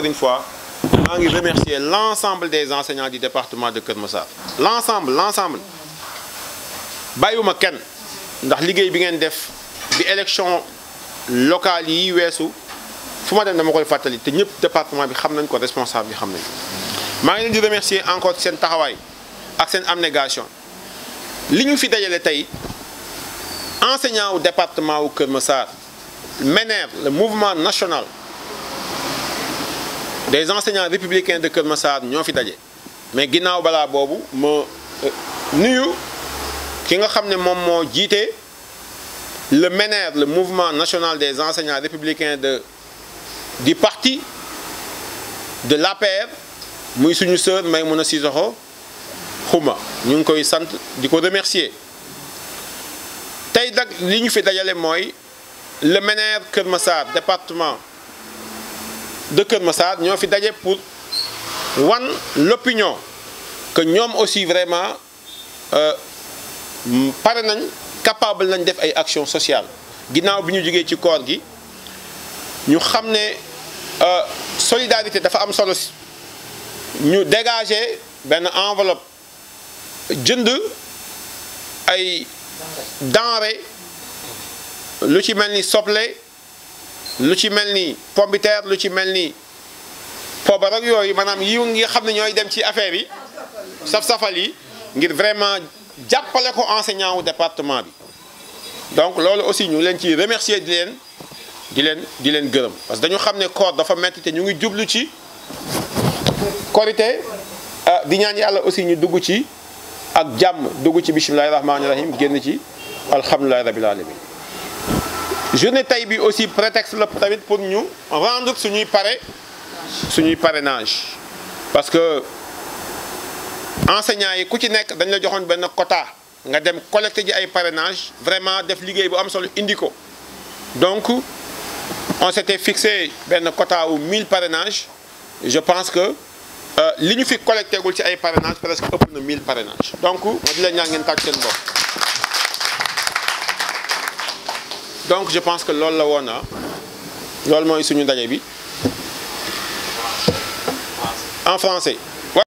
encore une fois maa ngi remercier l'ensemble des enseignants du département de Kër Massar l'ensemble l'ensemble bàyyiwuma kenn ndax liggéey bi ngeen def bi élection locale yi weesu fu ma dem dama koy fàttali te ñëpp département bi xam nañ ko responsable bi xam nañ maa ngi leen di remercier encore seen taxawaay ak seen abnégation li ñu fi dajale tey enseignant wu département wu Kër Massar MENER le mouvement national des enseignants républicains de Kër Massar ñoo fi daje mais ginnaaw balaa boobu moo euh, nuyu ki nga xam ne moom moo jiite le MENER le mouvement national des enseignants républicains de di parti de l'APR muy suñu sœur si soxo Khouma ñu ngi koy sant di ko remercier tey nag li ñu fi dajale mooy le MENER Kër Massar département de Kër Massar ñoo fi daje pour wan l'opinion que ñoom aussi vraiment euh, pare nañ capable nañ def ay action sociale ginnaaw bi ñu jógee ci koor gi ñu xam ne euh, solidarité dafa am solo si ñu dégager benn enveloppe jënd ay denrée lu ci mel ni soble lu ci mel ni pombiteer lu ci mel ni foobar ak yooyu maanaam yi ngi xam ne ñooy dem ci affaire yi saf-safal yi ngir vraiment jàppale ko enseignant wu département bi donc loolu aussi ñu leen ci remercier di leen di leen di leen gërëm parce que dañu xam ne koor dafa metti ñu ngi jublu ci korité ah, di ñaan yàlla aussi ñu dugg ci ak jàmm dugg ci bisimilahi rahmaani rahim génn ci alhamdulilahi rabil alamin journée tey bi aussi prétexte la tamit pour ñu rendre suñuy pare suñuy parrainage parce que enseignants yi ku ci nekk dañ la joxoon benn quota nga dem collecter ji ay parrainage vraiment def liggéey bu am solo indi ko donc on s'était fixé benn quota wu mille parrainages je pense que euh, li ñu fi collecté gul ci ay parrainage presque ëpp na 1000 parrainages donc ma di la ñaan ngeen tàgg seen bopp donc je pense que loolu la woon na ah. loolu mooy suñu ndaje bi en français